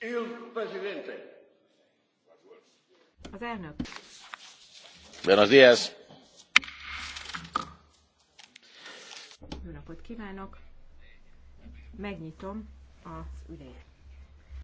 Il Presidente. Az elnök. Buenos días. Jó napot kívánok. Megnyitom az ülést.